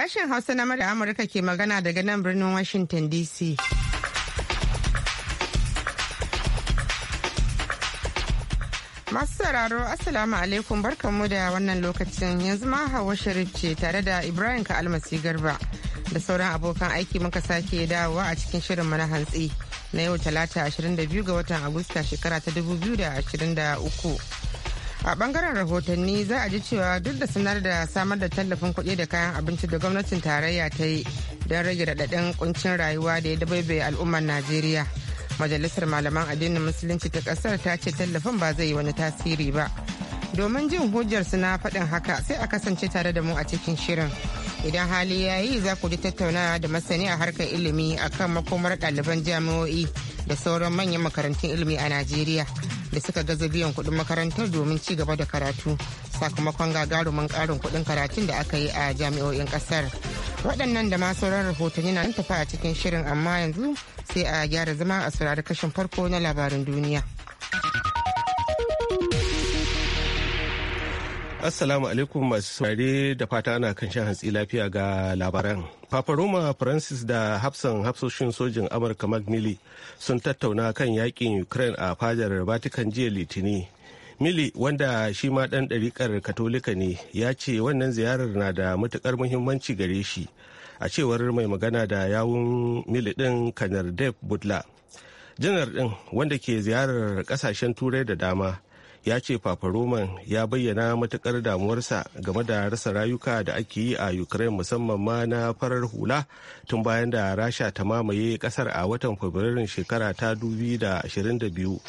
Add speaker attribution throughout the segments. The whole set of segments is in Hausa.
Speaker 1: Sashen Hausa na mara Amurka ke magana daga nan birnin Washington DC. Masu sauraro Assalamu alaikum barkanmu da wannan lokacin yanzu ma Hawa Sharif ce tare da Ibrahim ka almasi Garba da sauran abokan aiki muka sake dawowa a cikin shirin mana hantsi na yau talata 22 ga watan Agusta shekara ta 2023. a bangaren rahotanni za a ji cewa duk da sanar da samar da tallafin kuɗi da kayan abinci da gwamnatin tarayya ta yi don rage raɗaɗin kuncin rayuwa da ya dabaibe al'ummar najeriya majalisar malaman addinin musulunci ta ƙasar ta ce tallafin ba zai yi wani tasiri ba domin jin hujjarsu na faɗin haka sai a kasance tare da mu a cikin shirin idan hali ya yi za ku ji tattaunawa da masani a harkar ilimi akan makomar ɗaliban jami'o'i da sauran manyan makarantun ilimi a najeriya da suka gaza biyan kuɗin makarantar domin ci gaba da karatu sakamakon gagarumin ƙarin kuɗin karatun da aka yi a jami'o'in ƙasar waɗannan da ma sauran yana na tafa a cikin shirin amma yanzu sai a gyara zama a saurari kashin farko na labarin duniya.
Speaker 2: Assalamu alaikum masu saurare da fata ana kan shan hantsi lafiya ga labaran. Papa Roma Francis da hafsan hafsoshin sojin Amurka Mark Milley sun tattauna kan yakin Ukraine a fadar Vatican jiya Litini. Mili wanda shi ma ɗan ɗariƙar Katolika ne ya ce wannan ziyarar na da matuƙar muhimmanci gare shi a cewar mai magana da yawun Mili ɗin Kanar Dave Butler. Janar ɗin wanda ke ziyarar ƙasashen Turai da dama ya ce fafaroman ya bayyana matukar damuwarsa game da rasa rayuka da ake yi a ukraine musamman ma na farar hula tun bayan da rasha ta mamaye kasar a watan fabrairun shekara ta 2022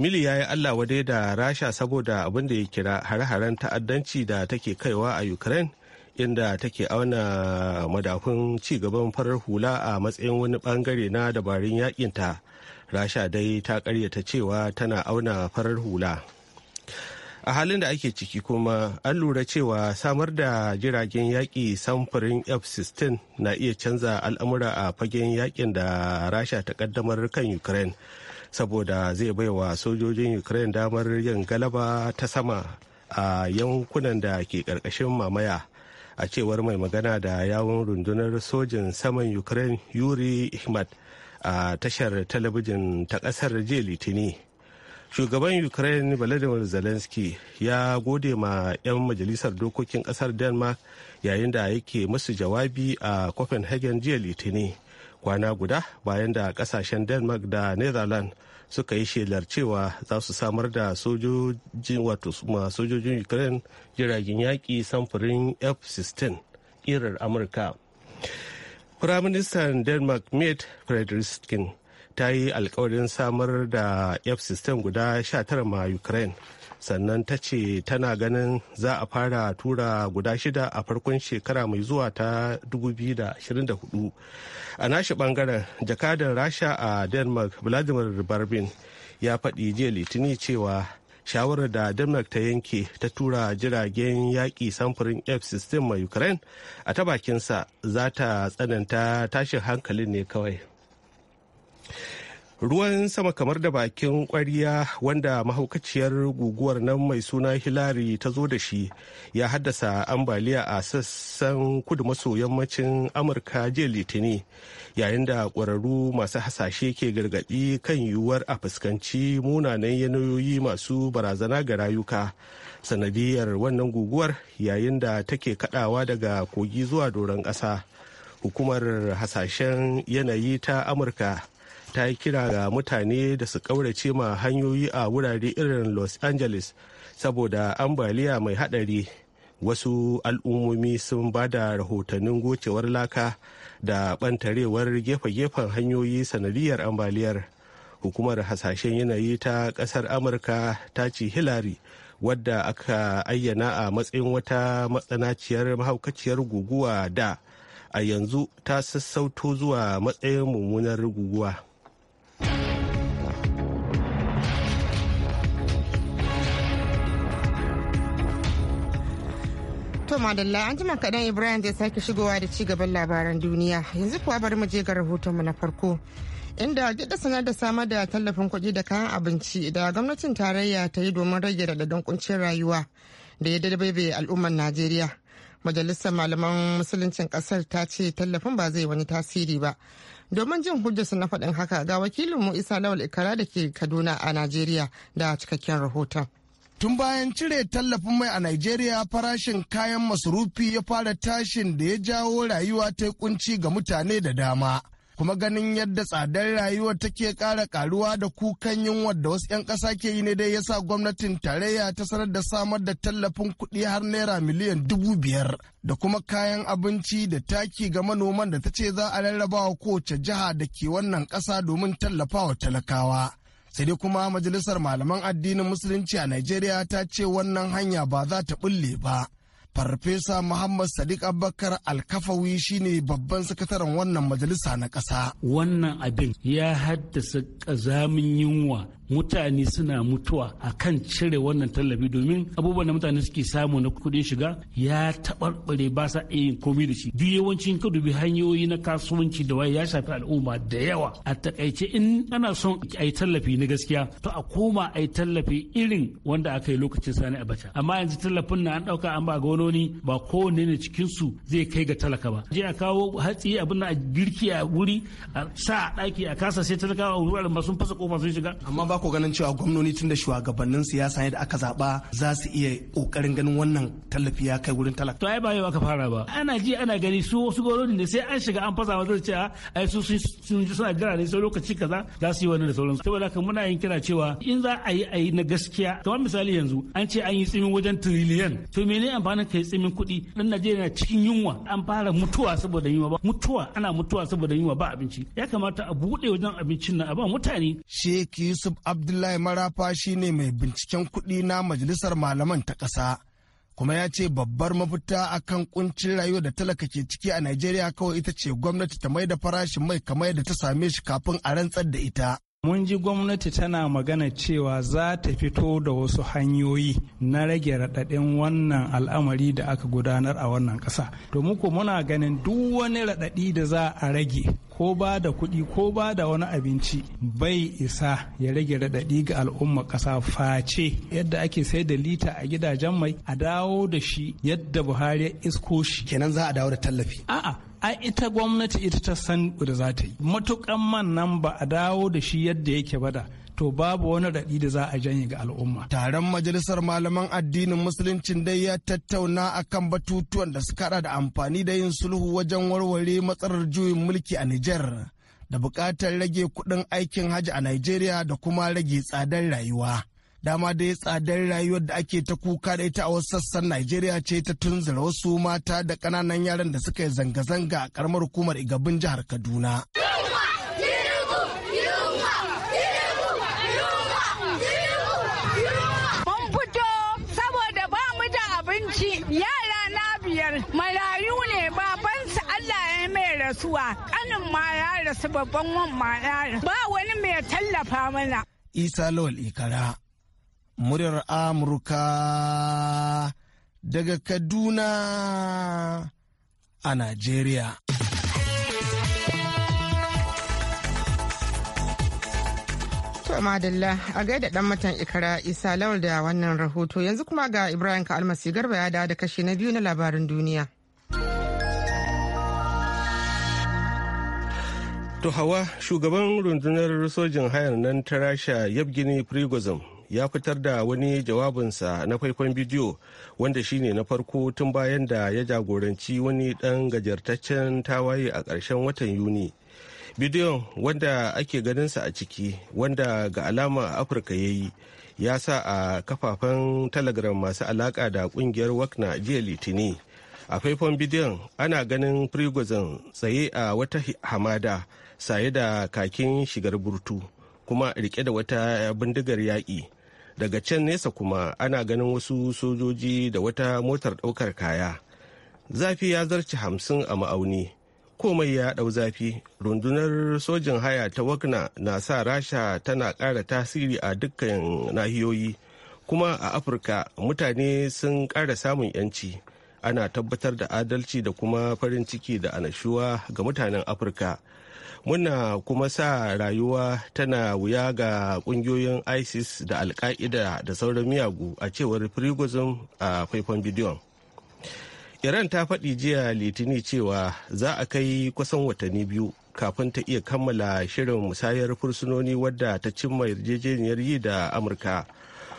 Speaker 2: mili ya yi allah wadai da rasha saboda abin da ya kira hare-haren ta'addanci da take kaiwa a ukraine inda take auna madafun gaban farar hula a matsayin wani bangare na dabarun yakinta rasha dai ta karyata cewa tana auna farar hula a halin da ake ciki kuma an lura cewa samar da jiragen yaƙi samfurin f-16 na iya canza al'amura a fagen yaƙin da rasha ta ƙaddamar kan ukraine saboda zai baiwa sojojin ukraine damar yin galaba ta sama a yankunan da ke ƙarƙashin mamaya a cewar mai magana da yawon rundunar sojin saman ukraine yuri ihmad a tashar talabijin ta ƙasar jiya litini. shugaban ukraine volodymyr zelensky ya gode ma 'yan majalisar dokokin kasar denmark yayin da yake musu jawabi a copenhagen jiya litinin kwana guda bayan da kasashen denmark da netherlands suka yi shelar cewa za su samar da sojojin wato sojojin ukraine jiragen yaƙi samfurin f-16 irar amurka firaministan denmark mate frederick ta yi alkawarin samar da f system guda 19 ma ukraine sannan ta ce tana ganin za a fara tura guda shida a farkon shekara mai zuwa ta 2024 a nashi bangaren jakadan rasha a denmark vladimir barbin ya faɗi jiya litini cewa shawarar da denmark ta yanke ta tura jiragen yaƙi samfurin f system mai ukraine a ta bakinsa za ta tsananta tashin hankalin ne kawai ruwan sama kamar da bakin kwariya wanda mahaukaciyar guguwar nan mai suna hilari ta zo da shi ya haddasa ambaliya a sassan kudu maso yammacin amurka jiya litini yayin da ƙwararru masu hasashe ke gargadi kan yiwuwar a fuskanci munanan yanayoyi masu barazana ga rayuka sanadiyar wannan guguwar yayin da take kaɗawa daga kogi zuwa doron ƙasa hukumar hasashen yanayi ta amurka ta yi kira ga mutane da su ƙaurace ma hanyoyi a wurare irin los angeles saboda ambaliya mai haɗari wasu al'ummomi sun ba da rahotannin gocewar laka da ɓantarewar gefe-gefen hanyoyi sanadiyar ambaliyar hukumar hasashen yanayi ta kasar amurka ta ci hilari wadda aka ayyana a matsayin wata matsanaciyar mahaukaciyar guguwa da a yanzu ta sassauto zuwa matsayin mummunar guguwa
Speaker 1: To madalla an jima kaɗan Ibrahim zai sake shigowa da ci gaban labaran duniya yanzu kuwa bari mu je ga rahotonmu na farko. Inda da sanar da samar da tallafin kuɗi da kayan abinci da gwamnatin tarayya ta yi domin rage raɗaɗin kuncin rayuwa da ya dabaibaye al'ummar Najeriya. Majalisar malaman musuluncin ƙasar ta ce tallafin ba zai wani tasiri ba. Domin jin su na faɗin haka ga wakilinmu Isa Lawal Ikara da ke Kaduna a Najeriya da cikakken rahoton. Tun bayan cire tallafin mai a Nigeria, farashin kayan masarufi ya
Speaker 3: fara tashin da ya jawo rayuwa ta yi kunci ga mutane da dama. Kuma ganin yadda tsadar rayuwa take ƙara ƙaruwa da kukan yunwa da wasu 'yan ƙasa ke yi ne dai ya sa gwamnatin tarayya ta sanar da samar da tallafin kuɗi har naira miliyan dubu biyar da kuma kayan abinci da taki ga manoman da ta ce za a rarrabawa kowace jiha da ke wannan ƙasa domin tallafawa talakawa. sai dai kuma majalisar malaman addinin musulunci a najeriya ta ce wannan hanya ba za ta bulle ba farfesa muhammad sadiq abubakar alkafawi shine babban sakataren wannan majalisa na ƙasa
Speaker 4: wannan abin ya haddasa ƙazamin yunwa mutane suna mutuwa a kan cire wannan tallafi domin abubuwan da mutane suke samu na kuɗin shiga ya taɓarɓare ba sa iya yin komi da shi duk yawancin ka dubi hanyoyi na kasuwanci da waye ya shafi al'umma da yawa a takaice in ana son a yi tallafi na gaskiya to a koma a yi tallafi irin wanda aka yi lokacin sani abacha amma yanzu tallafin na an dauka an ba ga wani ba kowanne ne cikin su zai kai ga talaka ba je a kawo hatsi abin a girki a wuri a sa a ɗaki a kasa sai talakawa a wuraren a sun fasa kofa sun shiga amma ba ba ku ganin cewa gwamnoni tun da shugabannin
Speaker 3: siyasa ne da aka zaba za su iya kokarin ganin wannan tallafi ya kai wurin talaka. To ai ba yawa ka fara
Speaker 4: ba. Ana ji ana gani su wasu gwamnoni ne sai an shiga an fasa wa zai ce ah, ai su sun ji suna jira ne sai lokaci kaza za su yi wani da sauransu. Saboda haka muna yin kira cewa in za a yi a yi na gaskiya. Kamar misali yanzu an ce an yi tsimin wajen tiriliyan. To menene amfanin ka yi tsimin kuɗi? Dan Najeriya na cikin yunwa an fara mutuwa saboda yunwa ba. Mutuwa ana mutuwa saboda yunwa ba abinci. Ya kamata a buɗe wajen abincin nan a ba mutane. Sheikh Yusuf Abdullahi Marafa shine mai binciken
Speaker 3: kuɗi na Majalisar Malaman ta ƙasa. kuma ya ce babbar mafita akan ƙuncin rayuwa da talaka ke ciki a Najeriya kawai ita ce gwamnati ta mai da farashin mai kamar yadda ta same shi kafin a rantsar da ita.
Speaker 5: Mun ji gwamnati tana magana cewa za ta fito da wasu hanyoyi na rage raɗaɗin wannan al'amari da aka gudanar a wannan ƙasa. To muku muna ganin duk wani raɗaɗi da za a rage ko ba da kuɗi ko ba da wani abinci bai isa ya rage raɗaɗi ga al'umma ƙasa face yadda ake sai da lita a gidajen mai a dawo da shi yadda Buhari ya isko shi. Kenan za a dawo da tallafi. A'a a ita gwamnati ita ta san da za ta yi matukan man
Speaker 3: nan ba a dawo da shi yadda yake ba da to babu wani raɗi da za a janye ga al'umma. Taron majalisar malaman addinin musuluncin dai ya tattauna akan batutuwan da suka da amfani da yin sulhu wajen warware matsalar juyin mulki a Nijar da buƙatar rage kuɗin aikin hajji a Najeriya da kuma rage tsadar rayuwa. dama dai tsadar rayuwar da ake ta kuka da ita a wasu sassan Najeriya ce ta tunzura wasu mata da ƙananan yaran da suka yi zanga-zanga a ƙaramar hukumar Igabin jihar Kaduna.
Speaker 1: Mun fito saboda ba mu da abinci yara na biyar marayu ne babansu Allah ya mai rasuwa ƙanin ma ya rasu babban wan ma ya ba wani mai tallafa mana.
Speaker 3: Isa Lawal Ikara muryar Amurka daga Kaduna a Najeriya.
Speaker 1: madalla a gaida dan matan ikara isa lawal da wannan rahoto yanzu kuma ga ibrahim ka almasi garba ya da kashe na biyu na labarin duniya
Speaker 2: to hawa shugaban rundunar sojin hayar nan ta rasha yabgini prigozin ya fitar da wani jawabinsa na faifan bidiyo wanda shine na farko tun bayan da ya jagoranci wani ɗan gajartaccen tawaye a ƙarshen watan yuni bidiyon wanda ake ganinsa a ciki wanda ga alama afirka ya yi ya sa a kafafen telegram masu alaƙa da ƙungiyar wakna jiya litini a faifan bidiyon ana ganin prigozin tsaye a wata hamada saye da kakin shigar burtu kuma rike da wata bindigar yaƙi daga can nesa kuma ana ganin wasu sojoji da wata motar ɗaukar kaya zafi ya zarci hamsin a ma'auni komai ya ɗau zafi rundunar sojin haya ta wakna na sa rasha tana ƙara tasiri a dukkan nahiyoyi kuma a afirka mutane sun ƙara samun 'yanci ana tabbatar da adalci da kuma farin ciki da anashuwa ga mutanen afirka muna kuma sa rayuwa tana wuya ga kungiyoyin isis da alka'ida da sauran miyagu a cewar prigozin a faifan bidiyon iran ta faɗi jiya litini cewa za a kai kusan watanni biyu kafin ta iya kammala shirin musayar fursunoni wadda ta cimma yarjejeniyar yi da amurka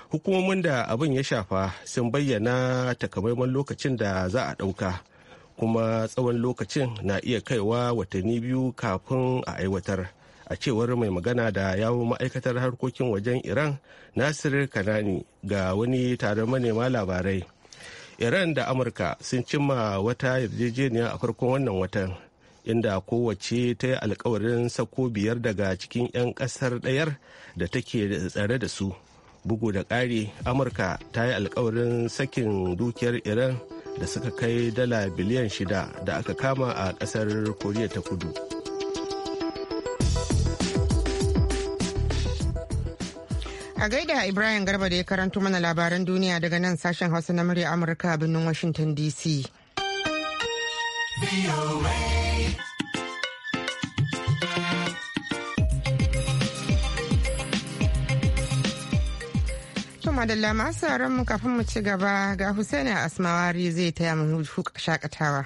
Speaker 2: hukumomin da abin ya shafa sun bayyana takamaiman lokacin da za a ɗauka kuma tsawon lokacin na iya kaiwa watanni biyu kafin a aiwatar a cewar mai magana da yawon ma'aikatar harkokin wajen iran nasir kanani ga wani taron manema labarai iran da amurka sun cimma wata yarjejeniya a farkon wannan watan inda kowace ta yi alkawarin sako biyar daga cikin 'yan kasar ɗayar da take tsare da su bugu da ƙari amurka ta yi alkawarin sakin dukiyar iran da suka kai dala biliyan shida da aka kama a kasar koriya ta kudu
Speaker 1: a gaida ibrahim garba da ya karanto mana labaran duniya daga nan sashen hausa na murya amurka a birnin washington dc madalla masu mu kafin mu ci gaba ga hussaini Asmawari zai taya mu shakatawa.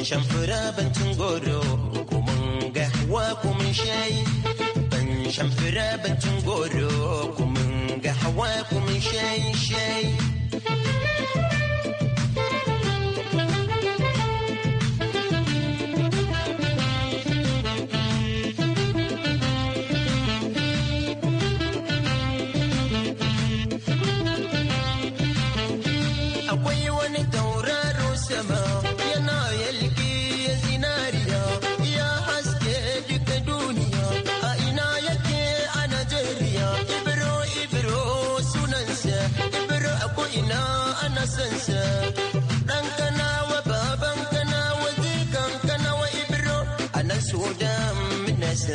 Speaker 6: mun shan fura batun goro ko mun gawa ko mun shayi ban shan fura batun goro ko mun gawa ko mun shayi shayi Akwai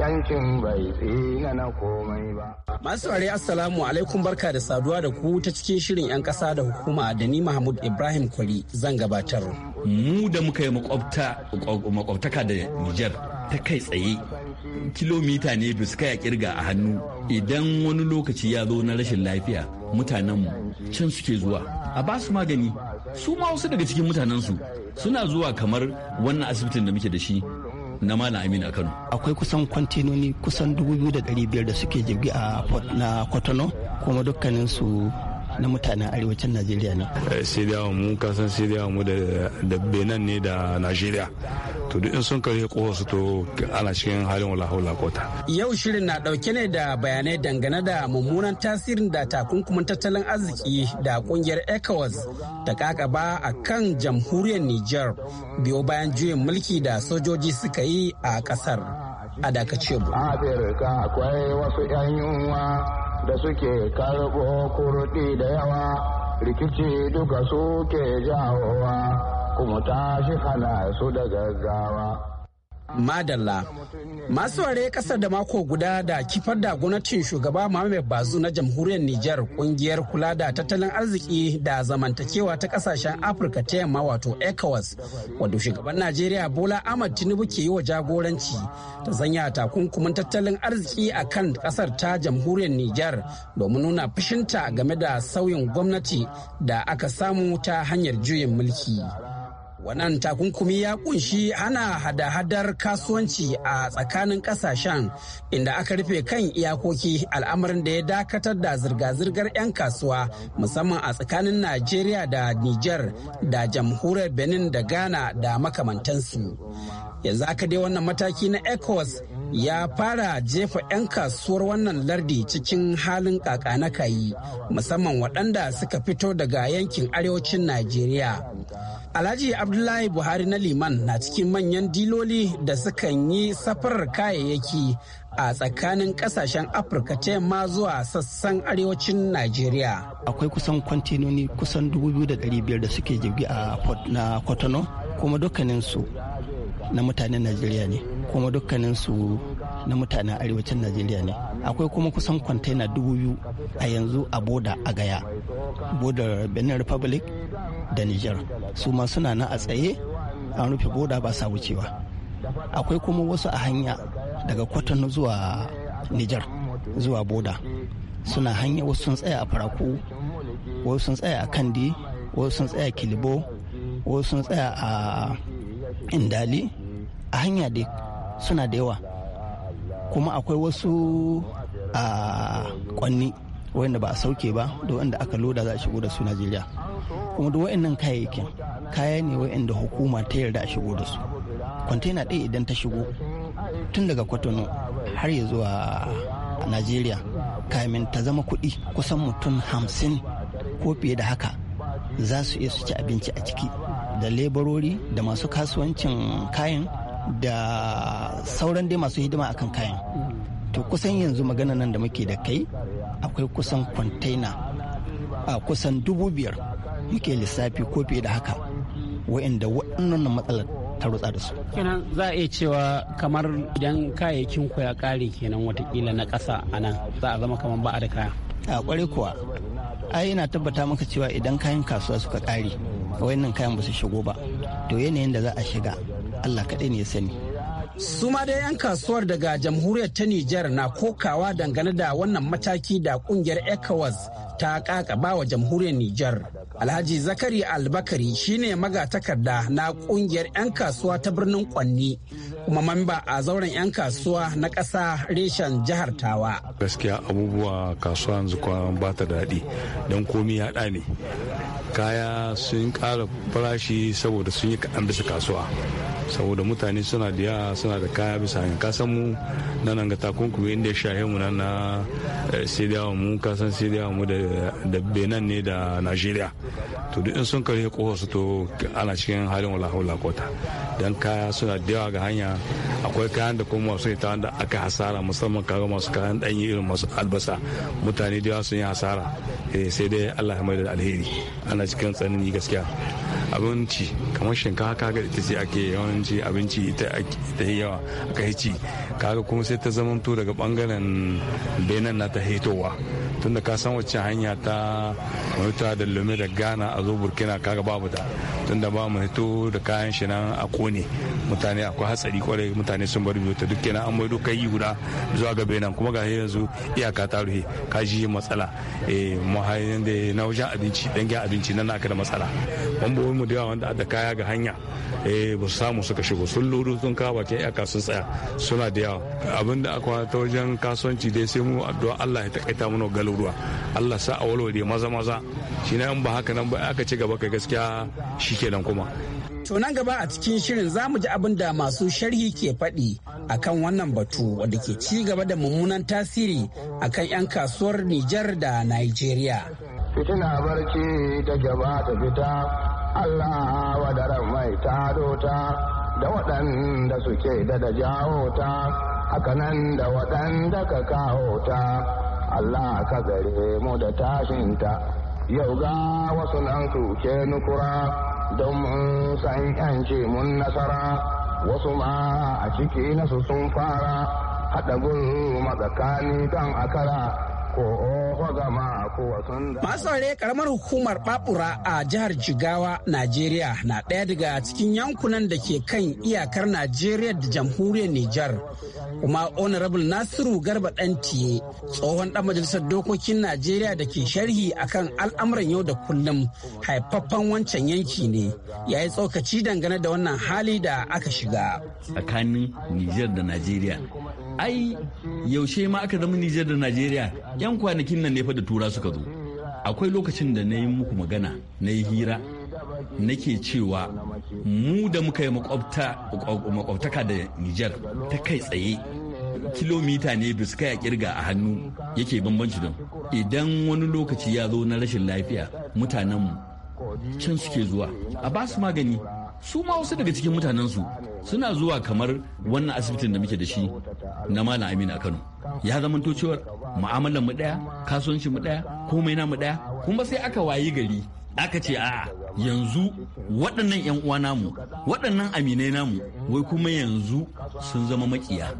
Speaker 7: yankin bai tsina na komai ba.
Speaker 8: Masu saurare Assalamu alaikum barka da saduwa da ku ta cikin shirin 'yan ƙasa da hukuma da ni Mahmud Ibrahim Kwari zan gabatar. Mu da muka yi
Speaker 9: makwabtaka
Speaker 8: da Nijar ta kai
Speaker 9: tsaye kilomita ne bisu suka ya kirga a hannu idan wani lokaci ya zo na rashin lafiya mutanenmu can suke zuwa a ba su magani su ma wasu daga cikin mutanensu suna zuwa kamar wannan asibitin da muke da shi na Malam Aminu a Kano.
Speaker 10: Akwai kusan kwantenoni kusan 2,500 da biyar da suke jirgi a na Kotono kuma dukkaninsu. na mutanen arewacin najeriya ne
Speaker 11: eh, sai da mu kasan sai mu da benin ne da najeriya to duk in sun karye su to ana cikin halin wala haula kota
Speaker 8: yau shirin na dauke ne da bayanai dangane da mummunan tasirin da takunkumin tattalin arziki da kungiyar ecowas ta kakaba a kan jamhuriyar niger biyo bayan juyin mulki da sojoji suka yi a kasar
Speaker 7: a dakace mu. akwai wasu 'yan yunwa da suke karɓo kurɗi da yawa rikici duka suke jawowa kuma tashi hana su da gaggawa.
Speaker 8: Madalla. Masu ware kasar da mako guda da kifar da gwamnatin shugaba Muhammad Bazu na jamhuriyar Nijar kungiyar kula da tattalin arziki da zamantakewa ta kasashen Afirka ta yamma wato ECOWAS wadda shugaban Najeriya Bola Ahmad Tinubu ke yi wa jagoranci ta zanya takunkumin tattalin arziki a kan kasar ta jamhuriyar Nijar domin nuna fushinta game da sauyin gwamnati da aka samu ta hanyar juyin mulki. Wannan takunkumi ya kunshi hana hada-hadar kasuwanci a tsakanin kasashen inda aka rufe kan iyakoki al'amarin da ya dakatar da zirga-zirgar 'yan kasuwa musamman a tsakanin Najeriya da Niger da jamhuriyar Benin da Ghana da makamantansu. Yanzu aka dai wannan mataki na ECOWAS ya fara jefa 'yan kasuwar wannan lardi cikin halin kaka na kayi musamman waɗanda suka fito daga yankin arewacin najeriya alhaji abdullahi buhari na liman na cikin manyan diloli da sukan yi safarar kayayyaki a tsakanin kasashen afirka ta yamma zuwa sassan arewacin najeriya
Speaker 10: akwai kusan kwantenoni kusan 2,500 da suke jirgi a port na kotono kuma dukkaninsu na mutanen najeriya ne kuma dukkaninsu na mutanen arewacin najeriya ne akwai kuma kusan kwantaina dubu biyu a yanzu a boda a gaya boda benin republic da niger su ma suna na a tsaye an rufe boda ba sa wucewa akwai kuma wasu a hanya daga kwatano zuwa niger zuwa boda suna hanya wasu sun tsaya a faraku wasu sun tsaya a kandi wasu sun tsaya kilibo wasu sun tsaya a indali a hanya dai suna da yawa kuma akwai wasu a kwanni wanda ba a sauke ba da wanda aka loda za a shigo da su najeriya kuma da wa'annan kayayyakin kaya ne wa'anda hukuma ta yarda a shigo da su kwantena ɗaya idan ta shigo tun daga kwatano har ya zuwa najeriya kamin ta zama kuɗi kusan mutum hamsin ko fiye da haka za su iya su ci abinci a ciki da lebarori da masu kasuwancin kayan da sauran dai masu hidima akan kayan to kusan yanzu magana nan da muke da kai akwai kusan kwantaina a kusan dubu biyar muke lissafi ko fiye da haka wa'inda waɗannan matsalar ta rutsa da su.
Speaker 8: kenan za a iya cewa kamar idan kayayyakin ku ya ƙare kenan watakila na ƙasa a nan za a zama kamar ba a da kaya. a
Speaker 10: ƙwarai kuwa ai yana tabbata maka cewa idan kayan kasuwa suka ƙare wayannan kayan ba su shigo ba to yanayin da za a shiga Allah kaɗai ne sani.
Speaker 8: Suma da dai 'yan kasuwar daga jamhuriyar ta Nijar na kokawa dangane da wannan mataki da kungiyar ECOWAS ta kakaba wa jamhuriyar Nijar. Alhaji Zakari Albakari shine magatakarda na kungiyar 'yan kasuwa ta birnin Kwanni kuma mamba a zauren 'yan kasuwa na ƙasa reshen jihar Tawa.
Speaker 11: Gaskiya abubuwa kasuwa yanzu kuma ba ta daɗi don komi ya ne. Kaya sun ƙara farashi saboda sun yi kaɗan bisa kasuwa. saboda mutane suna da yawa suna da kaya bisa hanyar kasan mu na nan ga takunkumi inda ya shahe mu nan na eh, sai mu kasan sai mu da benin ne da nigeria to duk in sun karhe kohar su to ana cikin halin wala kota don kaya suna da yawa ga hanya akwai kayan da kuma masu ita wanda aka hasara musamman kaga masu kayan danyi irin masu albasa mutane da yawa sun yi hasara eh, sai dai allah ya mai da alheri ana cikin tsanani gaskiya abinci kamar shinkafa kaga ita ce ake yawanci abinci ita ta yawa aka hici kaga kuma sai ta zamanto daga bangaren benin na ta hitowa tunda ka san wacce hanya ta mafita da lume da ghana a zo burkina kaga babu ta tunda ba mu hito da kayan shi nan a kone mutane akwai hatsari kwarai mutane sun bari biyu ta duk kenan an maido kai guda zuwa ga benin kuma ga yanzu iyaka ta ruhe ka ji matsala eh mu da na wajen abinci gya abinci nan aka da matsala bambawin mu da yawa wanda da kaya ga hanya eh ba su samu suka shigo sun luru sun kawo bakin iyaka sun tsaya suna da yawa abin da aka ta wajen kasuwanci dai sai mu addu'a Allah ya takaita mana galuruwa Allah sa a walwale maza maza shi in ba haka nan ba aka ci gaba ka gaskiya shi shikenan kuma
Speaker 8: To nan gaba a cikin shirin za mu ji abin da masu sharhi ke faɗi akan wannan batu wanda ke ci gaba da mummunan tasiri akan 'yan kasuwar Nijar da nigeria.
Speaker 7: Fitina barci ta gaba ta fita Allah wadaran mai taro ta da waɗanda suke da da jawo ta hakanan da waɗanda ka kawo ta Allah ka gare mu da tashinta yau ga wasu nan suke nukura don mun san yanci mun nasara wasu ma a ciki nasu sun fara haɗa gulma tsakani kan akara Masare
Speaker 8: karamar hukumar Babura a jihar Jigawa, Najeriya na ɗaya daga cikin yankunan da ke kan iyakar Najeriya da jamhuriyar Nijar. Kuma Honorable Nasiru Garba Ɗantiye, tsohon ɗan majalisar dokokin Najeriya da ke sharhi akan al'amuran yau da kullum haifaffen wancan yanki ne, ya yi tsokaci dangane da wannan hali da aka shiga.
Speaker 9: Tsakanin Nijar da Najeriya ai yaushe ma aka zama Nijar da Najeriya yan kwanakin nan ne fa da tura suka zo akwai lokacin da na yi muku magana na yi hira nake cewa mu da muka yi makwabtaka da Nijar ta kai tsaye kilomita ne biska ya kirga a hannu yake bambanci don idan wani lokaci ya zo na rashin lafiya mutanenmu can suke zuwa a basu magani su ma wasu daga cikin mutanensu suna zuwa kamar wannan asibitin da muke da shi na malam aminu a kano ya zamanto cewar mu'amalar mu daya kasuwancin mu daya komai na mu daya kuma sai aka wayi gari aka ce a'a yanzu waɗannan 'yan uwa namu waɗannan aminai namu wai kuma yanzu sun zama makiya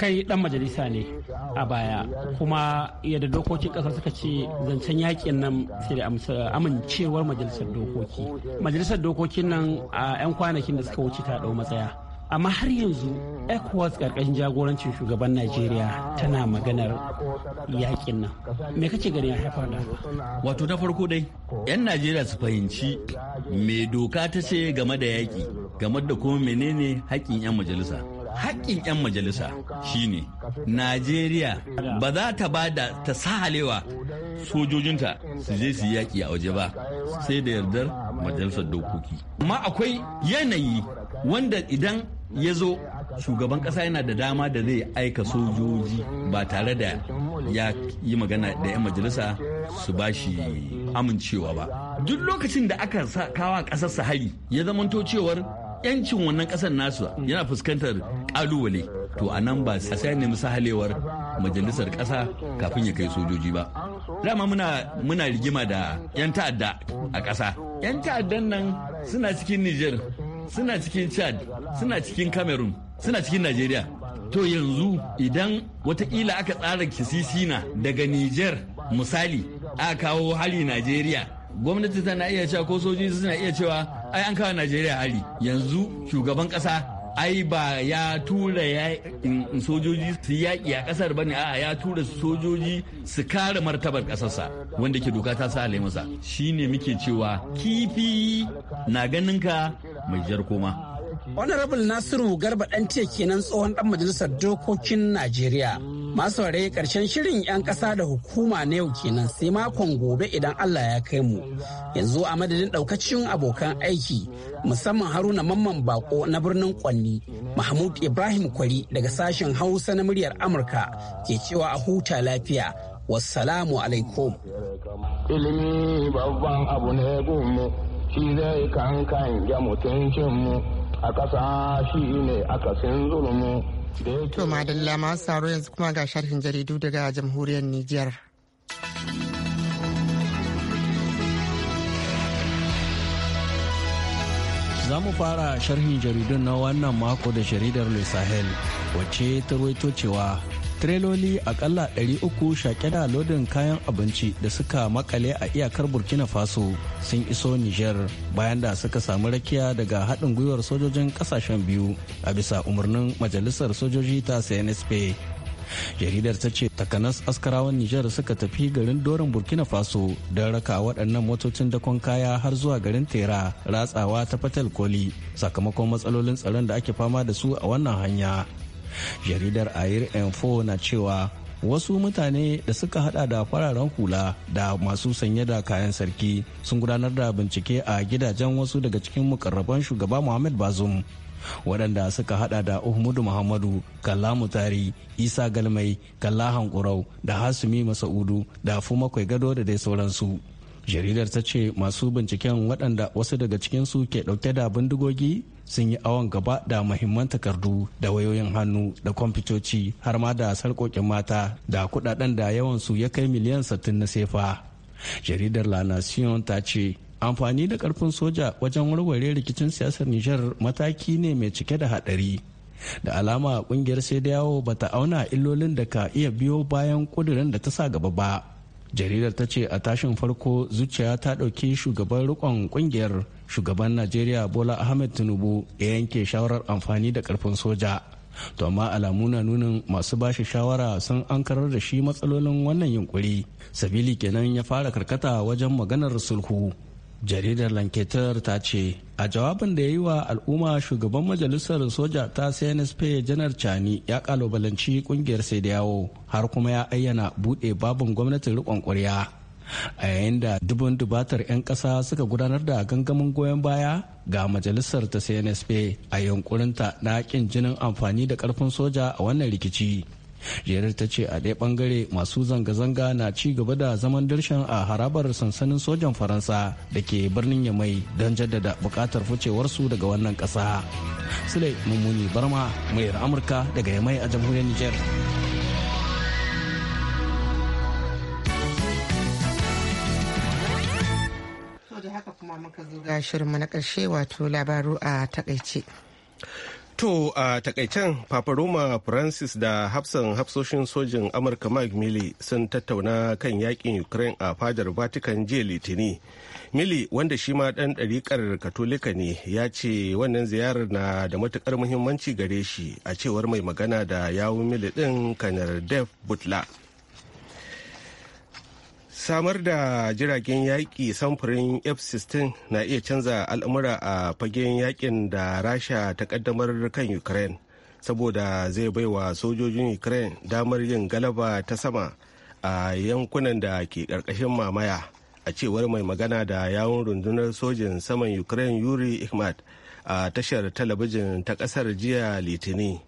Speaker 8: kai ɗan majalisa ne a baya kuma yadda dokokin ƙasa suka ce zancen yakin nan sai da amincewar majalisar dokoki majalisar dokokin nan a 'yan kwanakin da suka wuce ta ɗau matsaya amma har yanzu ecowas karkashin jagorancin shugaban najeriya tana maganar yakin nan me kake gani ya haifar da
Speaker 9: wato na farko dai 'yan najeriya su
Speaker 8: fahimci me
Speaker 9: doka ta ce game da yaki game da kuma menene haƙƙin 'yan majalisa haƙƙin 'yan majalisa shine najeriya ba za ta ba da ta sahalewa sojojinta su je su yi yaƙi a waje ba sai da yardar majalisar dokoki amma akwai yanayi wanda idan ya zo shugaban kasa yana da dama da zai aika sojoji ba tare da ya yi magana da 'yan majalisa su ba shi amincewa ba duk lokacin da aka kawa kasar sahari ya zamanto cewar yancin wannan kasar nasu yana fuskantar kalubale to a nan ba sai nemi sahalewar majalisar kasa kafin ya kai sojoji ba dama muna muna rigima da 'yan ta'adda a kasa
Speaker 4: 'yan ta'addan nan
Speaker 9: suna cikin niger suna cikin chad suna cikin cameroon suna cikin nigeria to yanzu idan watakila aka tsara kisisina daga niger misali aka kawo hali nigeria gwamnati tana iya cewa ko sojoji suna iya cewa ai an kawo nigeria hali yanzu shugaban kasa ai ba ya tura sojoji su yaƙi a ƙasar ba ne a'a ya tura sojoji su kare martabar ƙasarsa wanda ke doka ta sa masa shi ne muke cewa kifi na ganin ka mai jar koma
Speaker 8: honorable nasiru garba dan ce kenan tsohon dan majalisar dokokin najeriya masu ware karshen shirin 'yan kasa da hukuma na yau kenan sai makon gobe idan allah ya kai mu yanzu a madadin daukacin abokan aiki musamman haruna mamman bako na birnin kwanni mahmud ibrahim kwari daga sashen hausa na muryar amurka ke cewa a huta lafiya wassalamu
Speaker 7: alaikum ilimi babban abu ne gumu shi zai
Speaker 1: kankan ya mutuncinmu a ƙasa shi ne akasin zulumu da ya to madalla masu saro yanzu kuma ga sharhin jaridu daga jamhuriyar Nijar.
Speaker 5: za mu fara sharhin jaridun na wannan mako da jaridar Le Sahel wacce ta cewa Treloli akalla 300 shaƙe da lodin kayan abinci da suka makale a iyakar Burkina Faso sun iso niger bayan da suka samu rakiya daga haɗin gwiwar sojojin ƙasashen biyu a bisa umarnin Majalisar Sojoji ta CNSP. jaridar ta ce takanas askarawan nijar suka tafi garin doron burkina faso don raka waɗannan motocin dakon kaya har zuwa garin tera ratsawa ta fatal koli sakamakon matsalolin tsaron da ake fama da su a wannan hanya jaridar air info na cewa wasu mutane da suka hada da fararen hula da masu sanye da kayan sarki sun gudanar da bincike a gidajen wasu daga cikin mukarraban shugaba muhammad bazum waɗanda suka hada da uhmudu muhammadu kalla mutari isa galmai kalla hankurau da hasumi masaudu da fumakwai gado da dai sauransu jaridar ta ce masu binciken waɗanda wasu daga cikinsu ke ɗauke da bindigogi sun yi awon gaba da muhimman takardu da wayoyin hannu da kwamfutoci har ma da sarkokin mata da kudaden da yawan su ya kai miliyan 60 na sefa jaridar la nation ta ce amfani da ƙarfin soja wajen warware rikicin siyasar nijar mataki ne mai cike da hadari da alama kungiyar sai da yawo bata auna illolin da ka iya biyo bayan kudirin da ta sa gaba ba jaridar ta ce a tashin farko zuciya ta ɗauki shugaban rikon kungiyar shugaban najeriya bola ahmed tinubu ya yanke shawarar amfani da karfin soja to amma alamu na nunin masu bashi shawara sun ankarar da shi matsalolin wannan yunkuri sabili kenan ya fara karkata wajen maganar sulhu jaridar lanketar ta ce a jawabin da ya yi wa al'umma shugaban majalisar soja ta cnsp janar chani ya kalubalanci kungiyar sai da yawo har kuma ya ayyana buɗe babin gwamnatin riƙon ƙwarya a yayin da dubun dubatar 'yan ƙasa suka gudanar da gangamin goyon baya ga majalisar ta cnsp a yankurinta na ƙin jinin amfani da karfin soja a wannan rikici jerar ta ce a ɗaya bangare masu zanga-zanga na ci gaba da zaman dirshan a harabar sansanin sojan faransa da ke birnin yamai don jaddada buƙatar ficewarsu daga wannan ƙasa sule mummuni barma muryar amurka
Speaker 1: daga yamai a jamhuriyar niger shirinmu na wato labaru a takaice.
Speaker 2: To a takaicen Paparoma Francis da hafsan hafsoshin sojin Amurka Mike Milley sun tattauna kan yakin Ukraine a fadar Vatican jiya Litini. Milley wanda shi ma ɗan ɗariƙar Katolika ne ya ce wannan ziyarar na da matukar muhimmanci gare shi a cewar mai magana da yawun Milley ɗin kanar Dave Butler. samar da jiragen yaƙi samfurin f-16 na iya canza al'amura a fagen yaƙin da rasha ta ƙaddamar kan ukraine saboda zai baiwa sojojin ukraine damar yin galaba ta sama a yankunan da ke ƙarƙashin mamaya a cewar mai magana da yawon rundunar sojin saman ukraine yuri ikmat a tashar talabijin ta ƙasar jiya litinin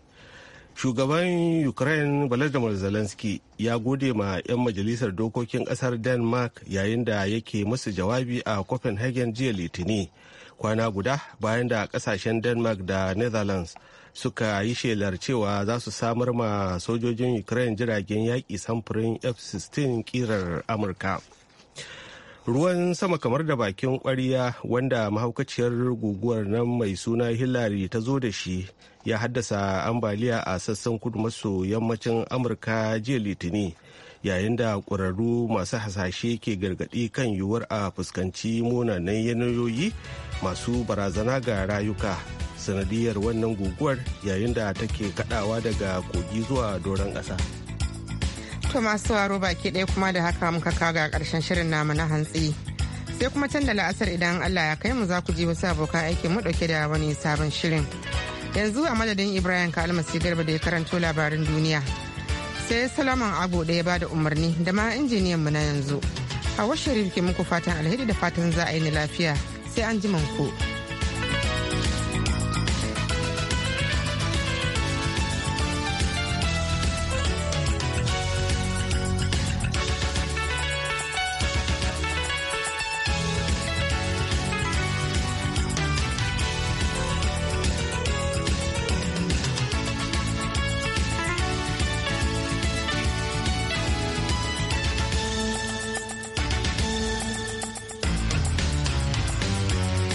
Speaker 2: shugaban ukraine volodymyr zelensky ya gode ma 'yan majalisar dokokin kasar denmark yayin da yake musu jawabi a copenhagen jiya litini kwana guda bayan da kasashen denmark da netherlands suka yi shelar cewa za su samar ma sojojin ukraine jiragen yaƙi samfurin f-16 kirar amurka ruwan sama kamar da bakin kwariya wanda mahaukaciyar guguwar nan mai suna hillary ta zo da shi ya haddasa ambaliya a sassan kudu maso yammacin amurka jiya litini yayin da ƙwararru masu hasashe ke gargaɗi kan yiwuwar a fuskanci munanan yanayoyi masu barazana ga rayuka sanadiyar wannan guguwar yayin da take kadawa daga kogi zuwa doron ƙasa.
Speaker 1: To masu sauraro baki ɗaya kuma da haka muka kaga karshen shirin namu na hantsi. Sai kuma can da la'asar idan Allah ya kai mu za ku ji wasu abokan aiki mu ɗauke da wani sabon shirin. Yanzu a madadin Ibrahim Kalmasi Garba da ya karanto labarin duniya. Sai Salaman Abu da ya bada umarni da ma injiniyan mu na yanzu. Hawa Sharif ke muku fatan alheri da fatan za a yi ni lafiya. Sai an ji ku.